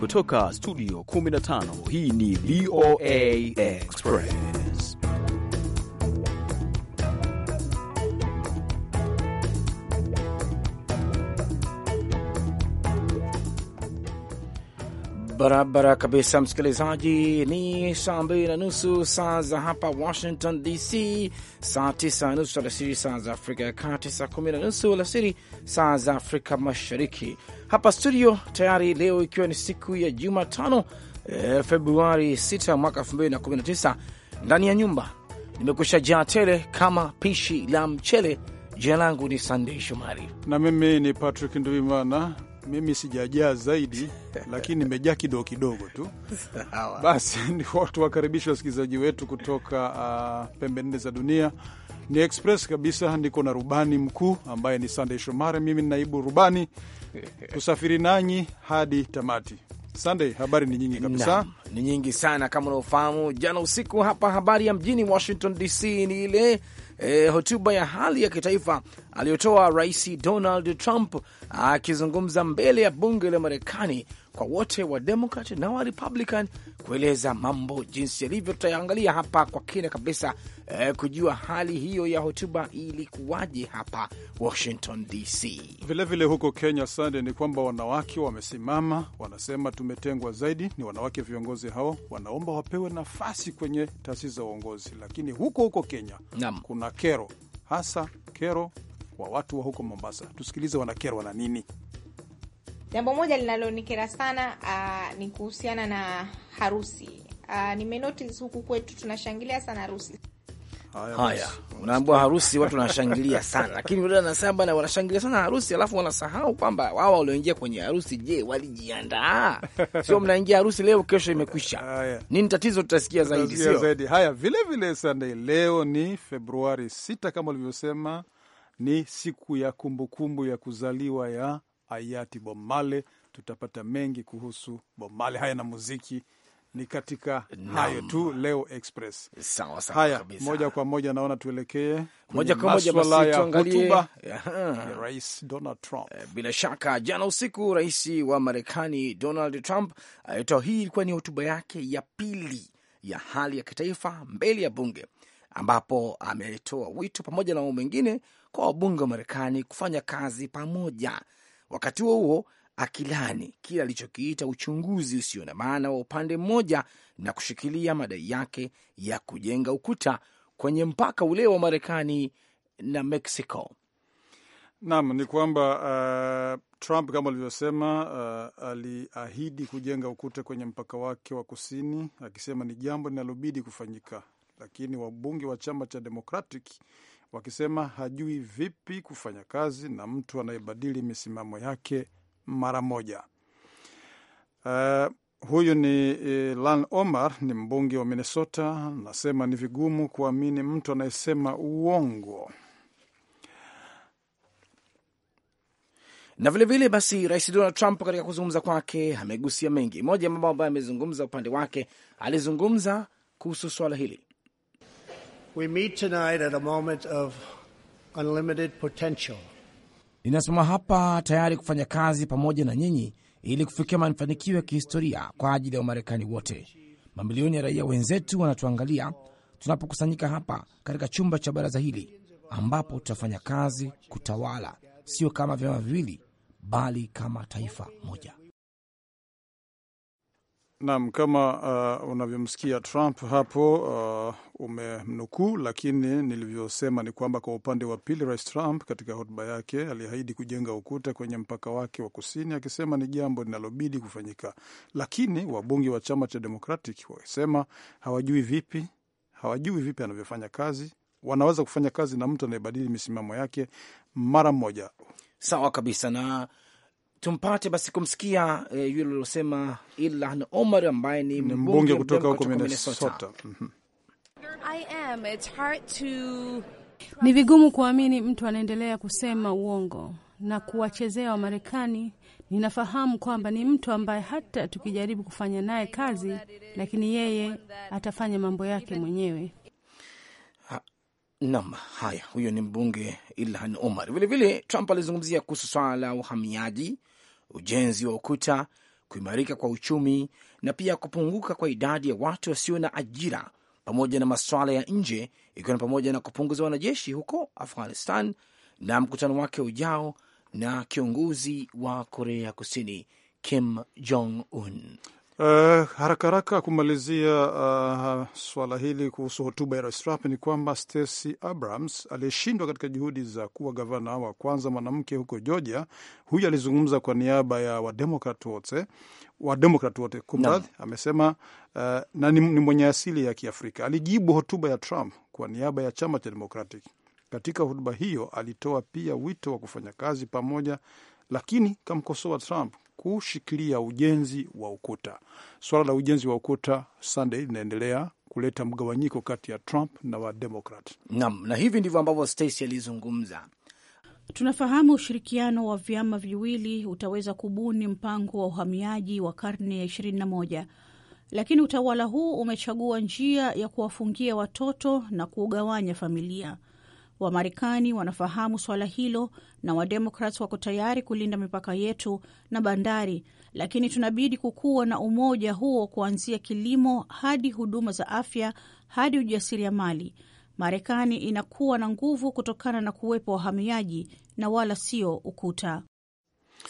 Kutoka studio 15 hii ni VOA Express. Barabara kabisa, msikilizaji. Ni saa mbili na nusu saa za hapa Washington DC, saa tisa na nusu alasiri saa za Afrika ya Kati, saa kumi na nusu alasiri saa za Afrika Mashariki hapa studio tayari leo, ikiwa ni siku ya Jumatano eh, Februari 6 mwaka 2019. Ndani ya nyumba nimekusha jaa tele kama pishi la mchele. Jina langu ni Sandei Shomari na mimi ni Patrick Nduimana. Mimi sijajaa zaidi lakini nimejaa kidogo kidogo tu. Basi ni watu wakaribisha wasikilizaji wetu kutoka uh, pembe nne za dunia ni express kabisa. Niko na rubani mkuu ambaye ni Sandey Shomari, mimi ni naibu rubani, kusafiri nanyi hadi tamati. sandey habari ni nyingi kabisa, ni nyingi sana. Kama unaofahamu, jana usiku hapa habari ya mjini Washington DC ni ile eh, hotuba ya hali ya kitaifa aliyotoa Rais Donald Trump akizungumza mbele ya bunge la Marekani kwa wote wa demokrat na wa Republican kueleza mambo jinsi yalivyo. Tutayaangalia hapa kwa kina kabisa eh, kujua hali hiyo ya hotuba ilikuwaje hapa Washington DC. Vilevile huko Kenya, Sande, ni kwamba wanawake wamesimama, wanasema tumetengwa zaidi. Ni wanawake viongozi hao wanaomba wapewe nafasi kwenye taasisi za uongozi, lakini huko huko Kenya Nam. kuna kero hasa kero kwa watu wa huko Mombasa. Tusikilize wanakerwa na nini. Jambo moja linalonikera sana uh, ni kuhusiana na harusi uh, nimenotice huku kwetu tunashangilia sana harusi Haya, unaambiwa harusi, watu wanashangilia sana, lakini vile anasema bana, wanashangilia sana harusi, alafu wanasahau kwamba wao walioingia kwenye harusi, je, walijiandaa? Sio mnaingia harusi leo, kesho imekwisha. Nini tatizo? Tutasikia zaidi, sio zaidi. Haya, vile vile Sunday, leo ni Februari 6 kama ulivyosema, ni siku ya kumbukumbu -kumbu ya kuzaliwa ya hayati Bomale. Tutapata mengi kuhusu Bomale. Haya, na muziki ni katika hayo tu leo Express. Sawa sawa, haya kabisa. Moja kwa moja naona tuelekee moja kwa moja basi tuangalie hotuba ya eh, Rais Donald Trump. Eh, bila shaka, jana usiku rais wa Marekani Donald Trump alitoa, hii ilikuwa ni hotuba yake ya pili ya hali ya kitaifa mbele ya bunge, ambapo ametoa wito pamoja na mambo mengine kwa wabunge wa Marekani kufanya kazi pamoja. Wakati huo huo akilani kile alichokiita uchunguzi usio na maana wa upande mmoja na kushikilia madai yake ya kujenga ukuta kwenye mpaka ule wa Marekani na Mexico. Naam, ni kwamba uh, Trump kama alivyosema, uh, aliahidi kujenga ukuta kwenye mpaka wake wa kusini, akisema ni jambo linalobidi kufanyika, lakini wabunge wa chama cha Democratic wakisema hajui vipi kufanya kazi na mtu anayebadili misimamo yake mara moja. Uh, huyu ni uh, Lan Omar ni mbunge wa Minnesota, nasema ni vigumu kuamini mtu anayesema uongo. na vilevile vile basi, Rais Donald Trump katika kuzungumza kwake amegusia mengi. Moja ya mambo ambayo amezungumza upande wake, alizungumza kuhusu swala hili. We meet tonight at a moment of unlimited potential linasimama hapa tayari kufanya kazi pamoja na nyinyi ili kufikia mafanikio ya kihistoria kwa ajili ya Wamarekani wote. Mamilioni ya raia wenzetu wanatuangalia tunapokusanyika hapa katika chumba cha baraza hili, ambapo tutafanya kazi kutawala, sio kama vyama viwili, bali kama taifa moja. Naam, kama uh, unavyomsikia Trump hapo uh, umemnukuu, lakini nilivyosema ni kwamba kwa upande wa pili, Rais Trump katika hotuba yake aliahidi kujenga ukuta kwenye mpaka wake wa kusini, akisema ni jambo linalobidi kufanyika, lakini wabunge wa chama cha Democratic wakisema hawajui vipi, hawajui vipi anavyofanya kazi, wanaweza kufanya kazi na mtu anayebadili misimamo yake mara moja. Sawa kabisa na tumpate basi kumsikia e, yule aliyosema Ilhan Omar ambaye ni mbunge kutoka huko Minnesota. Ni vigumu kuamini mtu anaendelea kusema uongo na kuwachezea Wamarekani. Ninafahamu kwamba ni mtu ambaye hata tukijaribu kufanya naye kazi, lakini yeye atafanya mambo yake mwenyewe. Nam, haya, huyo ni mbunge Ilhan Omar. Vilevile Trump alizungumzia kuhusu swala la uhamiaji ujenzi wa ukuta, kuimarika kwa uchumi na pia kupunguka kwa idadi ya watu wasio na ajira, pamoja na masuala ya nje, ikiwa ni pamoja na kupunguza wanajeshi huko Afghanistan na mkutano wake ujao na kiongozi wa Korea Kusini Kim Jong Un. Uh, haraka haraka kumalizia uh, swala hili kuhusu hotuba ya rais Trump ni kwamba Stacey Abrams aliyeshindwa katika juhudi za kuwa gavana wa kwanza mwanamke huko Georgia, huyu alizungumza kwa niaba ya wademokrat wote wademokrat wote kumradhi, no. amesema uh, na ni, ni mwenye asili ya Kiafrika. Alijibu hotuba ya Trump kwa niaba ya chama cha Democratic. Katika hotuba hiyo alitoa pia wito wa kufanya kazi pamoja, lakini kamkosoa Trump kushikilia ujenzi wa ukuta. Swala la ujenzi wa ukuta Sunday linaendelea kuleta mgawanyiko kati ya Trump na Wademokrat. Naam, na hivi ndivyo ambavyo Stacy alizungumza. Tunafahamu ushirikiano wa vyama viwili utaweza kubuni mpango wa uhamiaji wa karne ya 21 lakini utawala huu umechagua njia ya kuwafungia watoto na kugawanya familia. Wamarekani wanafahamu swala hilo na Wademokrat wako tayari kulinda mipaka yetu na bandari, lakini tunabidi kukuwa na umoja huo, kuanzia kilimo hadi huduma za afya hadi ujasiriamali. Marekani inakuwa na nguvu kutokana na kuwepo wahamiaji na wala sio ukuta.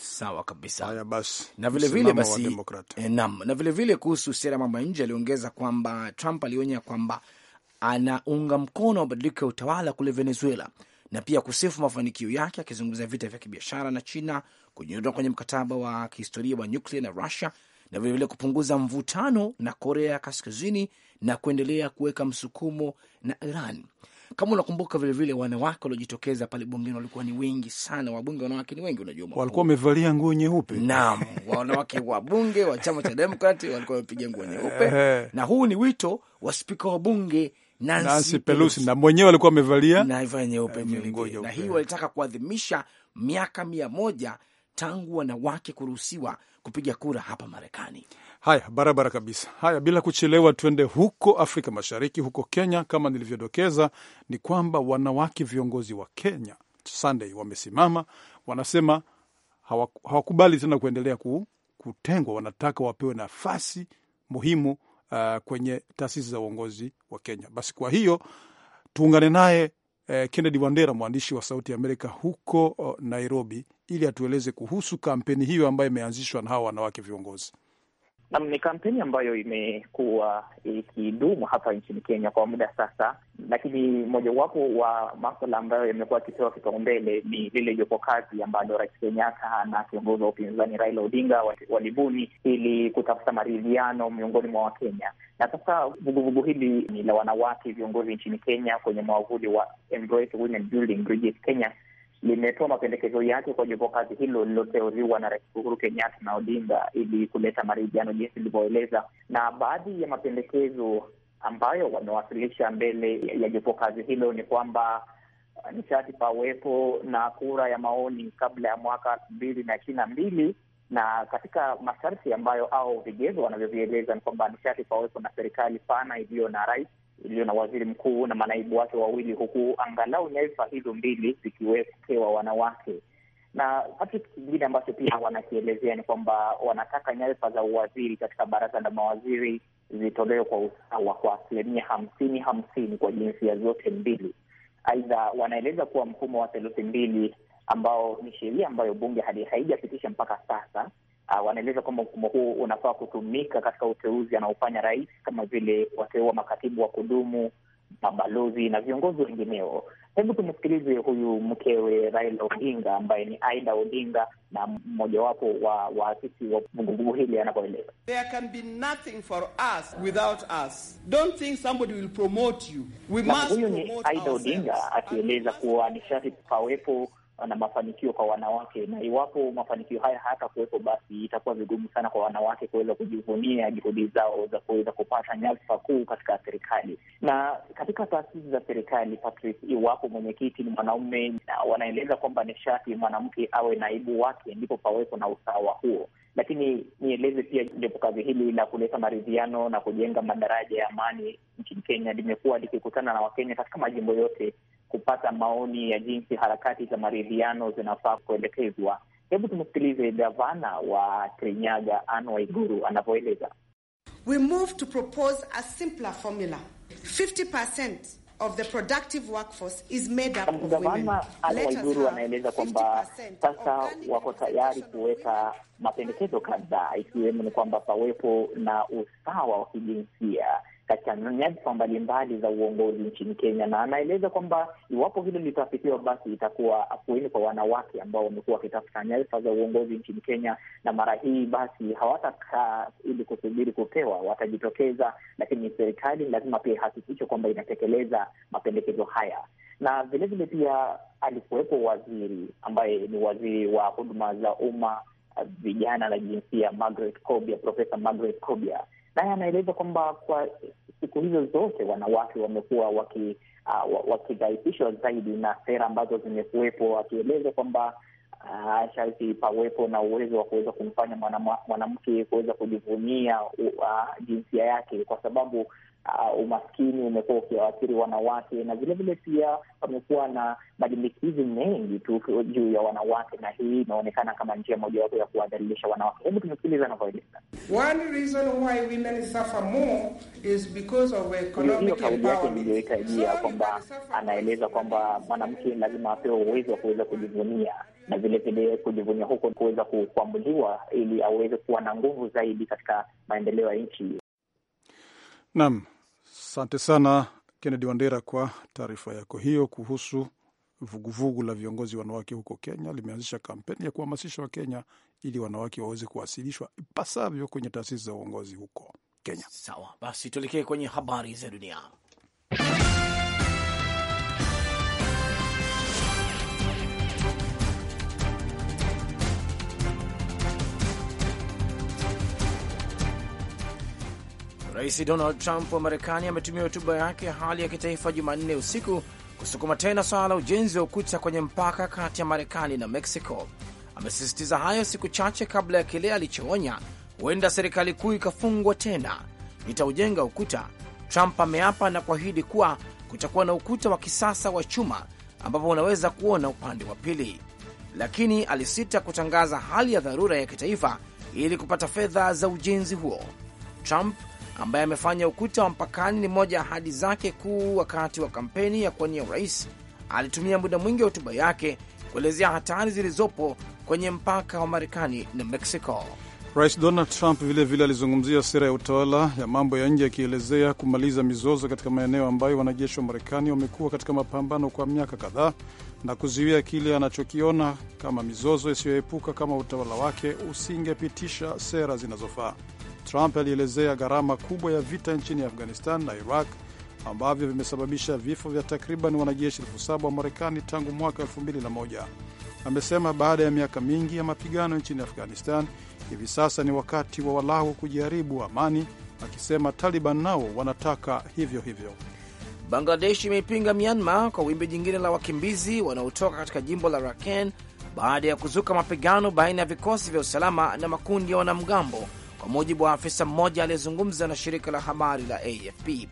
Sawa kabisa. Haya basi, na vilevile basi, eh, nam na vilevile kuhusu sera mambo ya nje aliongeza kwamba Trump alionya kwamba anaunga mkono mabadiliko ya utawala kule Venezuela na pia kusifu mafanikio yake, akizungumzia vita vya kibiashara na China, kujiondoa kwenye mkataba wa kihistoria wa nyuklia na Russia na vilevile kupunguza mvutano na Korea Kaskazini na kuendelea kuweka msukumo na Iran. Kama unakumbuka vilevile, wanawake waliojitokeza pale bungeni walikuwa ni wengi sana. Wabunge wanawake ni wengi, unajua, walikuwa wamevalia nguo nyeupe. Naam, wanawake bunge wa chama cha Demokrati walikuwa wamepiga nguo nyeupe, na huu ni wito wa spika wa bunge Nancy, Nancy Pelosi na mwenyewe alikuwa amevalia nyeupe eh, na hii walitaka kuadhimisha miaka mia moja tangu wanawake kuruhusiwa kupiga kura hapa Marekani. Haya, barabara kabisa. Haya, bila kuchelewa, tuende huko Afrika Mashariki, huko Kenya. Kama nilivyodokeza, ni kwamba wanawake viongozi wa Kenya Sunday wamesimama, wanasema hawakubali tena kuendelea kutengwa. Wanataka wapewe nafasi muhimu uh, kwenye taasisi za uongozi wa Kenya. Basi kwa hiyo tuungane naye eh, Kennedy Wandera, mwandishi wa Sauti ya Amerika huko uh, Nairobi, ili atueleze kuhusu kampeni hiyo ambayo imeanzishwa na hawa wanawake viongozi. Nam, ni kampeni ambayo imekuwa ikidumu hapa nchini Kenya kwa muda sasa, lakini mojawapo wa maswala ambayo yamekuwa akipewa kipaumbele ni lile jopo kazi ambalo Rais Kenyatta na kiongozi wa upinzani Raila Odinga walibuni ili kutafuta maridhiano miongoni mwa Wakenya. Na sasa vuguvugu hili ni la wanawake viongozi nchini Kenya kwenye mwavuli wa Embrace Women Building Bridges Kenya limetoa mapendekezo yake kwa jopo kazi hilo lililoteuliwa na Rais Uhuru Kenyatta na Odinga ili kuleta maridhiano jinsi ilivyoeleza, na baadhi ya mapendekezo ambayo wamewasilisha mbele ya jopo kazi hilo ni kwamba uh, nishati pawepo na kura ya maoni kabla ya mwaka elfu mbili na ishirini na mbili na katika masharti ambayo au vigezo wanavyovieleza ni kwamba nishati pawepo na serikali pana iliyo na rais iliyo na waziri mkuu na manaibu wake wawili, huku angalau nyadhifa hizo mbili zikiwekewa wanawake. Na kitu kingine ambacho pia wanakielezea ni kwamba wanataka nyadhifa za uwaziri katika baraza la mawaziri zitolewe kwa usawa, kwa asilimia hamsini hamsini kwa jinsia zote mbili. Aidha, wanaeleza kuwa mfumo wa theluthi mbili ambao ni sheria ambayo bunge hadi haijapitisha mpaka sasa Uh, wanaeleza kwamba mfumo huu unafaa kutumika katika uteuzi anaofanya rais, kama vile wateua makatibu wa kudumu, mabalozi na viongozi wengineo. Hebu tumsikilize huyu mkewe Raila Odinga ambaye ni Aida Odinga na mmojawapo wa waasisi wa vuguvugu hili anavyoeleza. There can be nothing for us without us. Don't think somebody will promote you. We must. Huyu ni Aida Odinga akieleza kuwa ni sharti pawepo na mafanikio kwa wanawake, na iwapo mafanikio haya hayatakuwepo, basi itakuwa vigumu sana kwa wanawake kuweza kujivunia juhudi zao za kuweza kupata nyadhifa kuu katika serikali na katika taasisi za serikali. Patrice, iwapo mwenyekiti ni mwanaume na wanaeleza kwamba ni sharti mwanamke awe naibu wake, ndipo pawepo na usawa huo lakini nieleze pia, jopo kazi hili la kuleta maridhiano na kujenga madaraja ya amani nchini Kenya limekuwa likikutana na Wakenya katika majimbo yote, kupata maoni ya jinsi harakati za maridhiano zinafaa kuelekezwa. Hebu tumsikilize gavana wa Kirinyaga Anne Waiguru anavyoeleza. We move to propose a simpler formula. 50% of the productive workforce is made up of women. Waiguru anaeleza kwamba sasa wako tayari kuweka mapendekezo kadhaa, ikiwemo ni kwamba pawepo na usawa wa kijinsia katika nyadhifa mbalimbali za uongozi nchini Kenya, na anaeleza kwamba iwapo hilo litafikiwa, basi itakuwa afueni kwa wanawake ambao wamekuwa wakitafuta nyadhifa za uongozi nchini Kenya, na mara hii basi hawatakaa ili kusubiri kupewa, watajitokeza. Lakini serikali lazima pia ihakikishe kwamba inatekeleza mapendekezo haya, na vilevile pia alikuwepo waziri ambaye ni waziri wa huduma za umma, vijana na jinsia, Margaret Kobia, Profesa Margaret Kobia naye anaeleza kwamba kwa siku hizo zote wanawake wamekuwa uh, wakidhaifishwa uh, waki zaidi na sera ambazo zimekuwepo, akieleza kwamba uh, sharti pawepo na uwezo wa kuweza kumfanya mwanamke kuweza kujivunia uh, jinsia yake kwa sababu uh, umaskini umekuwa ukiwaathiri wanawake, na vilevile pia pamekuwa na malimbikizi mengi tu juu ya wanawake, na hii inaonekana kama njia mojawapo ya kuwadhalilisha wanawake. Hebu tumesikiliza anavyoeleza. Hiyo kauli yake niliyoitajia kwamba anaeleza kwamba mwanamke lazima apewe uwezo wa kuweza kujivunia na vilevile kujivunia huko kuweza kuambuliwa ili aweze kuwa na nguvu zaidi katika maendeleo ya nchi. Naam, asante sana Kennedy Wandera kwa taarifa yako hiyo kuhusu vuguvugu vugu la viongozi wanawake huko Kenya. Limeanzisha kampeni ya kuhamasisha Wakenya ili wanawake waweze kuwasilishwa ipasavyo kwenye taasisi za uongozi huko Kenya. Sawa, basi tuelekee kwenye habari za dunia. Rais Donald Trump wa Marekani ametumia hotuba yake ya hali ya kitaifa Jumanne usiku kusukuma tena swala la ujenzi wa ukuta kwenye mpaka kati ya Marekani na Meksiko. Amesisitiza hayo siku chache kabla ya kile alichoonya huenda serikali kuu ikafungwa tena. Nitaujenga ukuta, Trump ameapa na kuahidi kuwa kutakuwa na ukuta wa kisasa wa chuma ambapo unaweza kuona upande wa pili, lakini alisita kutangaza hali ya dharura ya kitaifa ili kupata fedha za ujenzi huo. Trump ambaye amefanya ukuta wa mpakani ni moja ya ahadi zake kuu wakati wa kampeni ya kuwania urais. Alitumia muda mwingi wa hotuba yake kuelezea hatari zilizopo kwenye mpaka wa Marekani na Mexico. Rais Donald Trump vilevile alizungumzia sera ya utawala ya mambo ya nje akielezea kumaliza mizozo katika maeneo ambayo wanajeshi wa Marekani wamekuwa katika mapambano kwa miaka kadhaa na kuzuia kile anachokiona kama mizozo isiyoepuka kama utawala wake usingepitisha sera zinazofaa. Trump alielezea gharama kubwa ya vita nchini Afghanistan na Iraq ambavyo vimesababisha vifo vya takriban wanajeshi elfu saba wa Marekani tangu mwaka 2001. Amesema baada ya miaka mingi ya mapigano nchini Afghanistan, hivi sasa ni wakati wa walau kujaribu amani, akisema Taliban nao wanataka hivyo hivyo. Bangladesh imeipinga Myanmar kwa wimbi jingine la wakimbizi wanaotoka katika jimbo la Rakhine baada ya kuzuka mapigano baina ya vikosi vya usalama na makundi ya wanamgambo kwa mujibu wa afisa mmoja aliyezungumza na shirika la habari la AFP.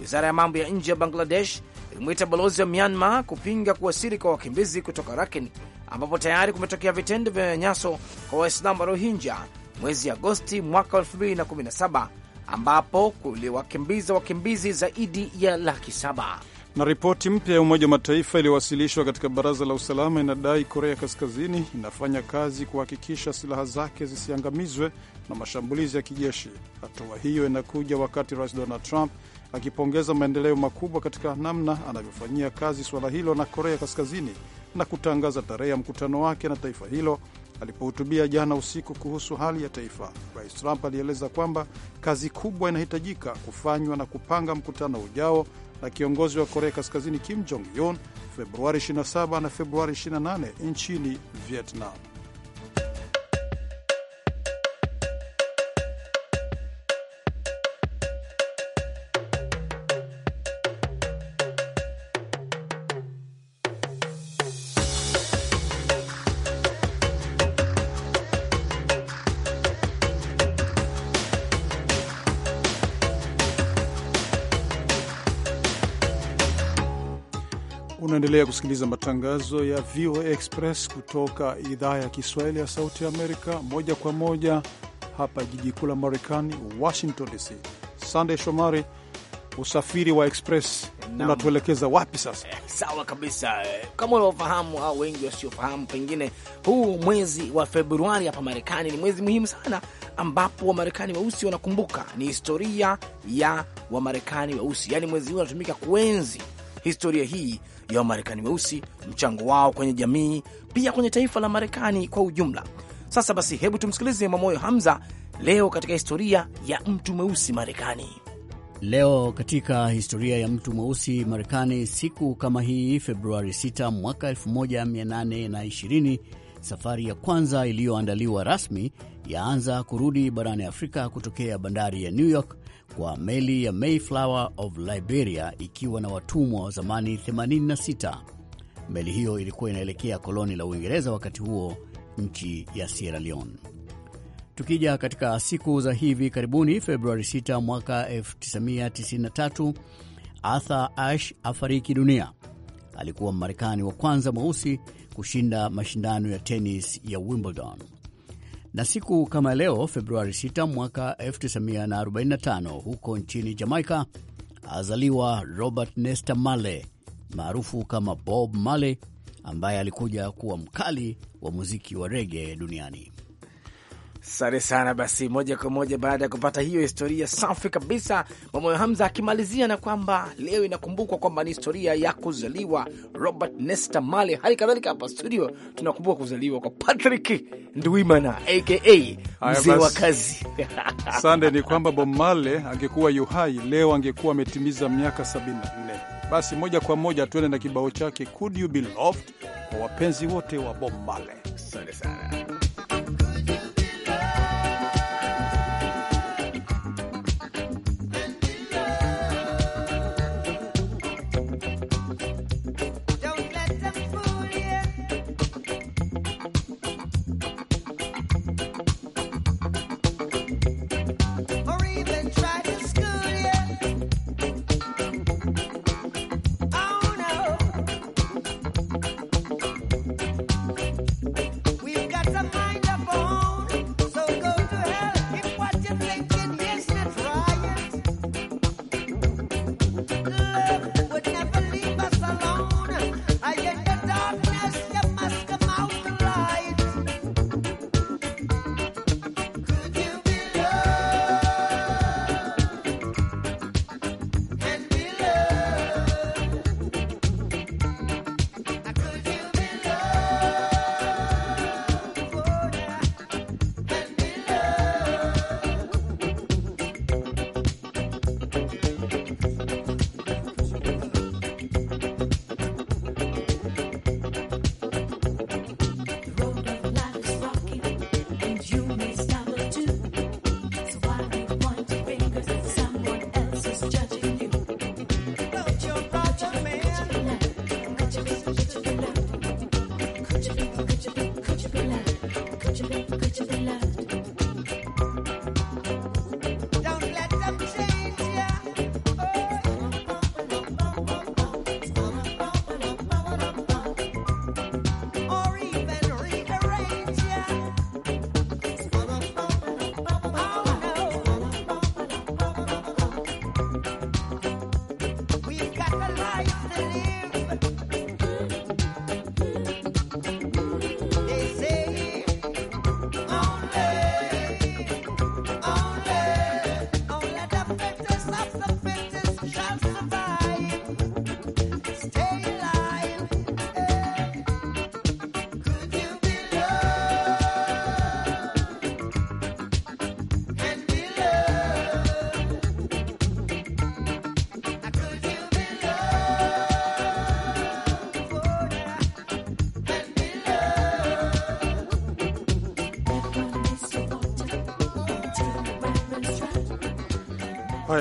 Wizara ya mambo ya nje ya Bangladesh ilimwita balozi wa Myanmar kupinga kuwasili kwa wakimbizi kutoka Rakhine, ambapo tayari kumetokea vitendo vya unyanyaso kwa Waislamu wa Rohingya mwezi Agosti mwaka 2017 ambapo kuliwakimbiza wakimbizi zaidi ya laki saba. Na ripoti mpya ya Umoja wa Mataifa iliyowasilishwa katika Baraza la Usalama inadai Korea Kaskazini inafanya kazi kuhakikisha silaha zake zisiangamizwe na mashambulizi ya kijeshi. Hatua hiyo inakuja wakati Rais Donald Trump akipongeza maendeleo makubwa katika namna anavyofanyia kazi suala hilo na Korea Kaskazini na kutangaza tarehe ya mkutano wake na taifa hilo. Alipohutubia jana usiku kuhusu hali ya taifa, Rais Trump alieleza kwamba kazi kubwa inahitajika kufanywa na kupanga mkutano ujao na kiongozi wa Korea Kaskazini Kim Jong Un Februari 27 na Februari 28 nchini Vietnam. Unaendelea kusikiliza matangazo ya VOA Express kutoka idhaa ya Kiswahili ya Sauti ya Amerika, moja kwa moja hapa jiji kuu la Marekani, Washington DC. Sandey Shomari, usafiri wa Express unatuelekeza wapi sasa? Eh, sawa kabisa. Eh, kama unavyofahamu au wengi wasiofahamu pengine, huu mwezi wa Februari hapa Marekani ni mwezi muhimu sana, ambapo Wamarekani weusi wanakumbuka ni historia ya Wamarekani weusi, yaani mwezi huu unatumika kuenzi historia hii ya Wamarekani weusi, mchango wao kwenye jamii, pia kwenye taifa la Marekani kwa ujumla. Sasa basi, hebu tumsikilize Mwamoyo Hamza leo katika historia ya mtu mweusi Marekani. Leo katika historia ya mtu mweusi Marekani, siku kama hii, Februari 6 mwaka 1820, safari ya kwanza iliyoandaliwa rasmi yaanza kurudi barani Afrika kutokea bandari ya New York kwa meli ya Mayflower of Liberia ikiwa na watumwa wa zamani 86. Meli hiyo ilikuwa inaelekea koloni la Uingereza wakati huo, nchi ya Sierra Leone. Tukija katika siku za hivi karibuni, Februari 6 mwaka 1993, Arthur Ashe afariki dunia. Alikuwa Mmarekani wa kwanza mweusi kushinda mashindano ya tenis ya Wimbledon na siku kama leo Februari 6 mwaka 1945 huko nchini Jamaica azaliwa Robert Nesta Marley maarufu kama Bob Marley ambaye alikuja kuwa mkali wa muziki wa rege duniani. Sante sana. Basi moja kwa moja baada ya kupata hiyo historia safi kabisa, mamoyo Hamza akimalizia na kwamba leo inakumbukwa kwamba ni historia ya kuzaliwa Robert Nesta Male. Hali kadhalika hapa studio tunakumbuka kuzaliwa kwa Patrick Ndwimana aka mzee wa kazi Sande. Ni kwamba Bob Marley angekuwa yuhai leo angekuwa ametimiza miaka 74. Basi moja kwa moja tuende na kibao chake Could You Be Loved kwa wapenzi wote wa Bob male Asante sana.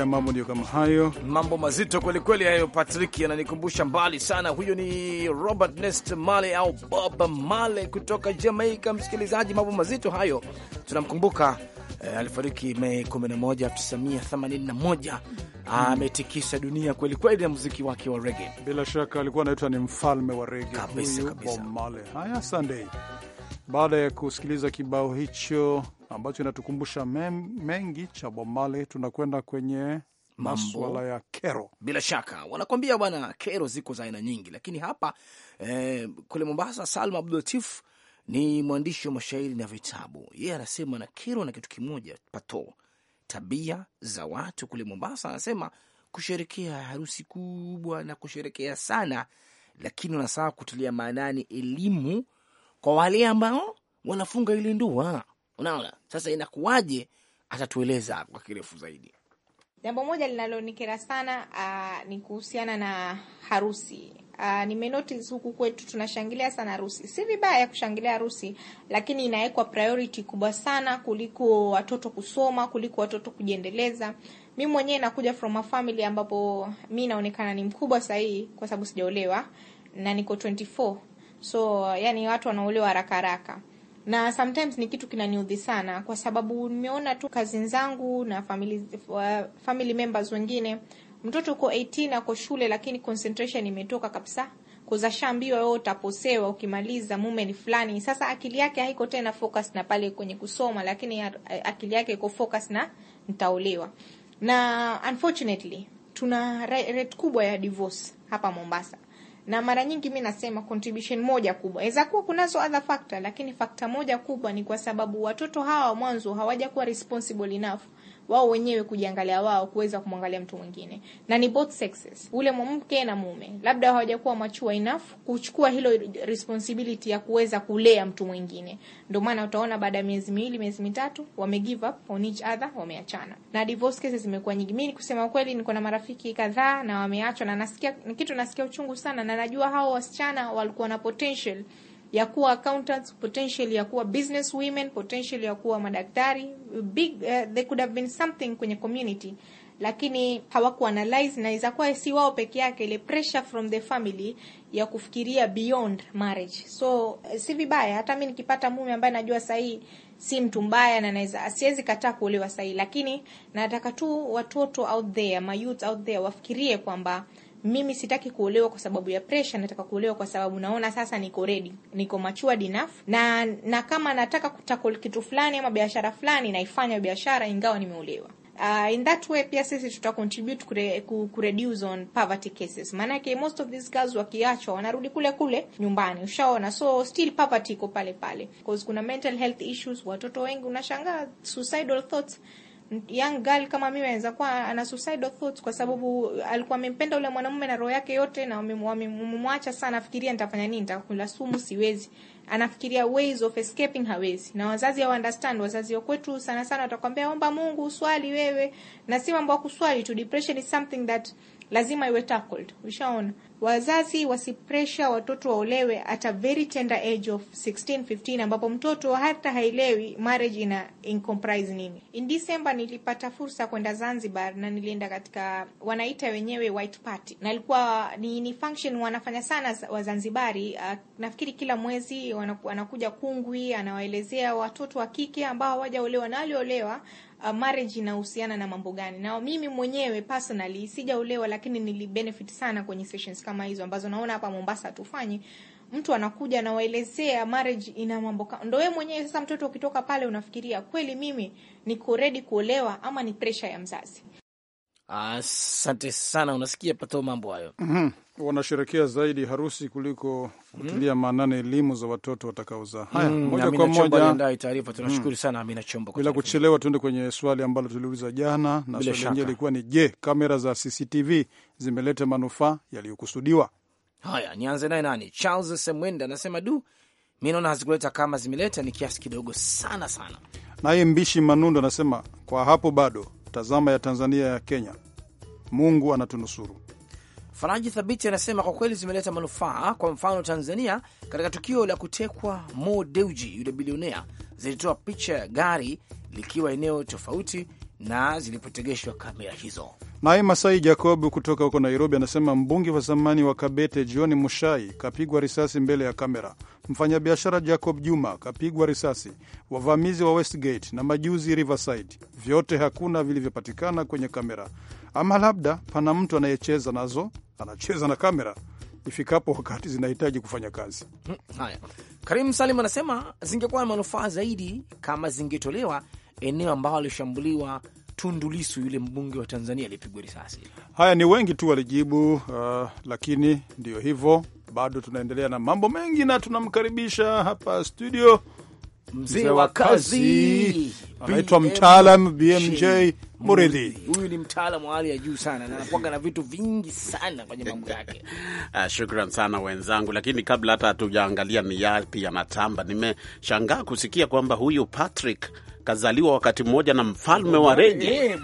ya mambo ndio kama hayo, mambo mazito kwelikweli hayo. Patrick ananikumbusha mbali sana. Huyo ni Robert Nest Male au Bob Male kutoka Jamaica. Msikilizaji, mambo mazito hayo, tunamkumbuka eh, alifariki Mei 11, 1981 ametikisa dunia kweli kweli na muziki wake wa rege. Bila shaka alikuwa anaitwa ni mfalme wa rege kabisa kabisa. Bob Marley. Haya, Sunday, baada ya kusikiliza kibao hicho ambacho inatukumbusha mengi. Cha Bomale tunakwenda kwenye maswala ya kero. Bila shaka wanakwambia bwana, kero ziko za aina nyingi, lakini hapa eh, kule Mombasa, Salma Abdulatif ni mwandishi wa mashairi na vitabu. Yeye anasema kero na kitu kimoja pato, tabia za watu kule Mombasa. Anasema kusherekea harusi kubwa na kusherekea sana, lakini wanasaa kutilia maanani elimu kwa wale ambao wanafunga ile ndoa Unaona, sasa inakuwaje? Atatueleza kwa kirefu zaidi. Jambo moja linalonikera sana uh, ni kuhusiana na harusi. Uh, nimenotice huku kwetu tunashangilia sana harusi. Si vibaya ya kushangilia harusi, lakini inawekwa priority kubwa sana kuliko watoto kusoma, kuliko watoto kujiendeleza. Mi mwenyewe nakuja from a family ambapo mi naonekana ni mkubwa sahii kwa sababu sijaolewa na niko 24 so yani watu wanaolewa haraka haraka na sometimes ni kitu kinaniudhi sana, kwa sababu nimeona tu kazi zangu na family, family members wengine, mtoto uko 18 ako shule, lakini concentration imetoka kabisa kuzashambiwa wewe oh, utaposewa ukimaliza mume ni fulani. Sasa akili yake haiko tena focus na pale kwenye kusoma, lakini akili yake iko focus na nitaolewa. Na unfortunately tuna rate kubwa ya divorce hapa Mombasa na mara nyingi mi nasema contribution moja kubwa inaweza kuwa kunazo other factor, lakini factor moja kubwa ni kwa sababu watoto hawa mwanzo hawajakuwa responsible enough wao wenyewe kujiangalia wao kuweza kumwangalia mtu mwingine, na ni both sexes, ule mke na mume, labda hawajakuwa mature enough kuchukua hilo responsibility ya kuweza kulea mtu mwingine. Ndio maana utaona baada ya miezi miwili, miezi mitatu, wame give up on each other, wameachana, na divorce cases zimekuwa nyingi. Mimi kusema kweli, niko na marafiki kadhaa na wameachwa, na nasikia kitu, nasikia uchungu sana, na najua hao wasichana walikuwa na potential ya kuwa accountants, potential ya kuwa business women, potential ya kuwa madaktari big, uh, eh, they could have been something kwenye community, lakini hawakuanalyze na iza izakuwa si wao peke yake, ile pressure from the family ya kufikiria beyond marriage. So eh, si vibaya hata mimi nikipata mume ambaye najua sahi si mtu mbaya na naweza siwezi kataa kuolewa sahi, lakini nataka tu watoto out there, my youth out there wafikirie kwamba mimi sitaki kuolewa kwa sababu ya pressure, nataka kuolewa kwa sababu naona sasa niko ready, niko matured enough, na na kama nataka kutakol kitu fulani ama biashara fulani, naifanya biashara ingawa nimeolewa. Uh, in that way pia sisi tuta contribute kure, kureduce on poverty cases, Maana yake most of these girls wakiachwa wanarudi kule kule nyumbani, ushaona, so still poverty iko pale pale, because kuna mental health issues, watoto wengi unashangaa suicidal thoughts young girl kama mimi anaweza kuwa ana suicidal thoughts kwa sababu alikuwa amempenda ule mwanamume na roho yake yote, na amemwacha sana, afikiria nitafanya nini, nitakula sumu, siwezi. Anafikiria ways of escaping, hawezi. Na wazazi hao understand, wazazi wa kwetu sana sana watakwambia omba Mungu, uswali wewe, na si mambo ya kuswali tu. Depression is something that lazima iwe tackled. Ushaona, wazazi wasipresha watoto waolewe at a very tender age of 16 15, ambapo mtoto hata haelewi marriage ina incomprise nini. In December nilipata fursa kwenda Zanzibar na nilienda katika wanaita wenyewe white party, na ilikuwa ni, ni function wanafanya sana Wazanzibari. Uh, ah, nafikiri kila mwezi wanaku, wanakuja kungwi, anawaelezea watoto wa kike ambao hawajaolewa na waliolewa uh, marriage inahusiana na mambo gani. Na mimi mwenyewe personally sijaolewa, lakini nilibenefit sana kwenye sessions kama hizo ambazo naona hapa Mombasa tufanye mtu anakuja anawaelezea marriage ina mambo ndo wewe mwenyewe sasa, mtoto ukitoka pale unafikiria kweli, mimi niko ready kuolewa ama ni pressure ya mzazi? Asante sana, unasikia pato mambo hayo. mm -hmm wanasherekea zaidi harusi kuliko mhm. kutilia mm. maanane elimu za watoto watakaozaa. Haya, moja kwa moja taarifa. Tunashukuru mm. sana Amina Chombo. Bila kuchelewa, tuende kwenye swali ambalo tuliuliza jana, na swali lenyewe lilikuwa ni je, kamera za CCTV zimeleta manufaa yaliyokusudiwa? Haya, nianze naye nani, Charles Semwenda anasema du, mi naona hazikuleta, kama zimeleta ni kiasi kidogo sana sana. Naye Mbishi Manundo anasema kwa hapo bado, tazama ya Tanzania ya Kenya, Mungu anatunusuru. Faraji Thabiti anasema kwa kweli zimeleta manufaa. Kwa mfano, Tanzania katika tukio la kutekwa Mo Deuji, yule bilionea, zilitoa picha ya gari likiwa eneo tofauti na zilipotegeshwa kamera hizo. Naye Masai Jacob kutoka huko Nairobi anasema mbunge wa zamani wa Kabete John Mushai kapigwa risasi mbele ya kamera. Mfanyabiashara Jacob Juma kapigwa risasi. Wavamizi wa Westgate na majuzi Riverside, vyote hakuna vilivyopatikana kwenye kamera. Ama labda pana mtu anayecheza nazo anacheza na kamera ifikapo wakati zinahitaji kufanya kazi. Hmm, haya. Karim Salim anasema zingekuwa na manufaa zaidi kama zingetolewa eneo ambao alishambuliwa Tundulisu, yule mbunge wa Tanzania alipigwa risasi. Haya, ni wengi tu walijibu. Uh, lakini ndio hivyo, bado tunaendelea na mambo mengi na tunamkaribisha hapa studio mzee wa kazi anaitwa mtaalam BMJ Muridhi. Huyu ni mtaalam wa hali ya juu sana na anakuwaga na vitu vingi sana kwenye mambo yake. Uh, shukran sana wenzangu, lakini kabla hata hatujaangalia ni yapi yanatamba, nimeshangaa kusikia kwamba huyu Patrick kazaliwa wakati mmoja na mfalme wa rege. Eh,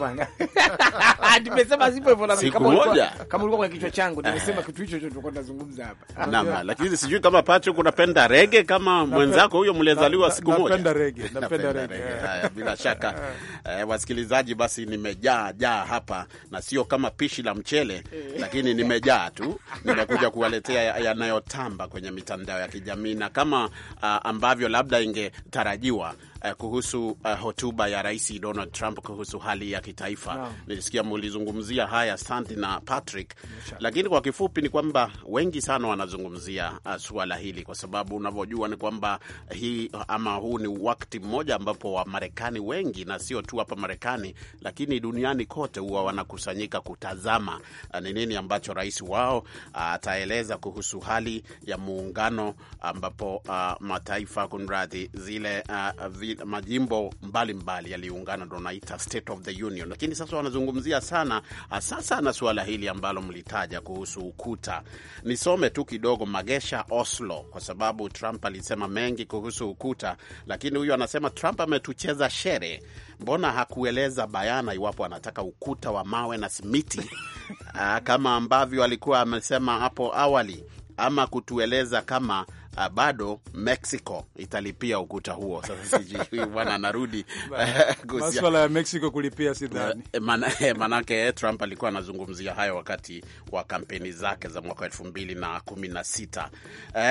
nimesema hivyo, siku moja kama ulikuwa kwenye kichwa changu, nimesema kitu hicho hicho tulikuwa tunazungumza hapa naam. Lakini sijui kama Patrick unapenda rege kama mwenzako huyo, mlezaliwa siku moja. Napenda rege, napenda rege. Haya, bila shaka eh, wasikilizaji, basi nimejaa jaa hapa na sio kama pishi la mchele, eh. lakini nimejaa tu, nimekuja kuwaletea yanayotamba kwenye mitandao ya kijamii na kama uh, ambavyo labda ingetarajiwa uh, kuhusu uh, hotuba ya Rais Donald Trump kuhusu hali ya kitaifa no. Nilisikia mulizungumzia haya Santi na Patrick Misha. Lakini kwa kifupi ni kwamba wengi sana wanazungumzia uh, suala hili kwa sababu unavyojua ni kwamba hii ama huu ni wakati mmoja ambapo Wamarekani wengi na sio tu hapa Marekani lakini duniani kote huwa wanakusanyika kutazama ni nini ambacho rais wao ataeleza kuhusu hali ya muungano ambapo uh, mataifa kunradhi zile uh, majimbo mbalimbali yaliungana, ndo naita State of the Union. Lakini sasa wanazungumzia sana ah, sasa na suala hili ambalo mlitaja kuhusu ukuta. Nisome tu kidogo Magesha Oslo, kwa sababu Trump alisema mengi kuhusu ukuta, lakini huyu anasema Trump ametucheza shere. Mbona hakueleza bayana iwapo anataka ukuta wa mawe na simiti ah, kama ambavyo alikuwa amesema hapo awali, ama kutueleza kama uh, bado Mexico italipia ukuta huo. Sasa sijui bwana anarudi maswala ya Mexico kulipia, sidhani eh, eh, manake eh, Trump alikuwa anazungumzia hayo wakati wa kampeni zake za mwaka elfu mbili na kumi na sita.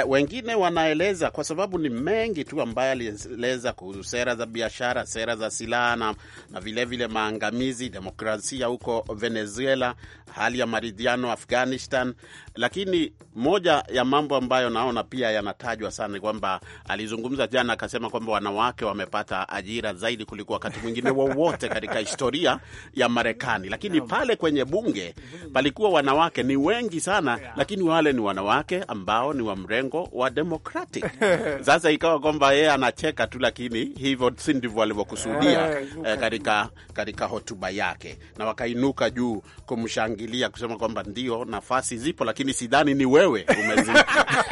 Uh, wengine wanaeleza kwa sababu ni mengi tu ambayo alieleza kuhusu sera za biashara, sera za silaha na vilevile vile maangamizi, demokrasia huko Venezuela, hali ya maridhiano Afghanistan, lakini moja ya mambo ambayo naona pia yana anatajwa sana ni kwamba alizungumza jana akasema kwamba wanawake wamepata ajira zaidi kuliko wakati mwingine wowote wa katika historia ya Marekani. Lakini pale kwenye bunge palikuwa wanawake ni wengi sana, lakini wale ni wanawake ambao ni wa mrengo wa Democratic. Sasa ikawa kwamba yeye anacheka tu, lakini hivyo si ndivyo alivyokusudia eh, katika, katika hotuba yake, na wakainuka juu kumshangilia kusema kwamba ndio nafasi zipo, lakini sidhani ni wewe umezi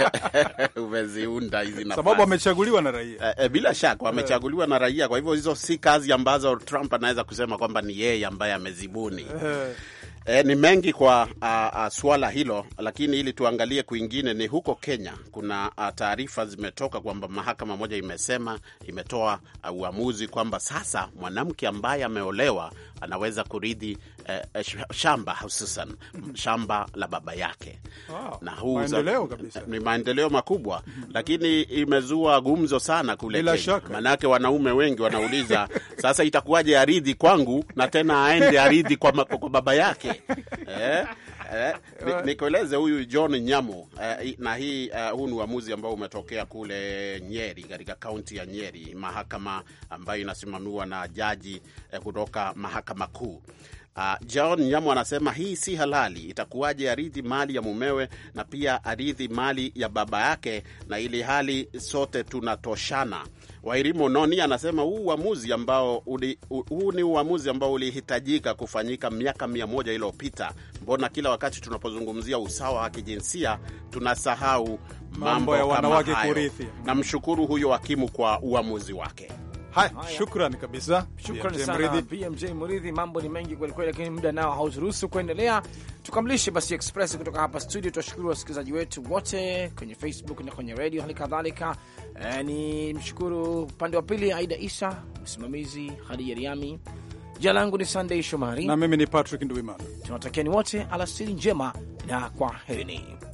umeziunda hizi nafasi, sababu amechaguliwa na raia e, e, bila shaka amechaguliwa na raia. Kwa hivyo hizo si kazi ambazo Trump anaweza kusema kwamba ni yeye ambaye amezibuni. E, ni mengi kwa a, a, swala hilo, lakini ili tuangalie kwingine ni huko Kenya. Kuna taarifa zimetoka kwamba mahakama moja imesema imetoa uamuzi kwamba sasa mwanamke ambaye ameolewa anaweza kuridhi eh, eh, shamba hususan shamba la baba yake wow. Na huu ni maendeleo makubwa mhm. lakini imezua gumzo sana kule Kenya, maanake wanaume wengi wanauliza sasa itakuwaje aridhi kwangu na tena aende aridhi kwa, kwa baba yake eh? Eh, nikueleze ni huyu John Nyamu eh, na hii eh, huu ni uamuzi ambao umetokea kule Nyeri, katika kaunti ya Nyeri, mahakama ambayo inasimamiwa na jaji eh, kutoka mahakama kuu. Uh, John Nyamo anasema hii si halali. Itakuwaje aridhi mali ya mumewe na pia aridhi mali ya baba yake, na ili hali sote tunatoshana. Wairimu Noni anasema huu uamuzi ambao uli, huu ni uamuzi ambao ulihitajika kufanyika miaka mia moja iliyopita. Mbona kila wakati tunapozungumzia usawa wa kijinsia tunasahau mambo, mambo ya wanawake kurithi? Namshukuru huyo hakimu kwa uamuzi wake. Haya, shukrani kabisa, shukrani sana BMJ Mridhi, Mambo ni mengi kweli kweli, lakini muda nao hauturuhusu kuendelea. Tukamilishe basi express kutoka hapa studio. Tuwashukuru wasikilizaji wetu wote kwenye Facebook na kwenye radio, hali kadhalika e, ni mshukuru upande wa pili Aida Isa, msimamizi Hadija Riami. Jina langu ni Sunday Shomari na mimi ni Patrick Nduimana. ni wote alasiri njema na herini.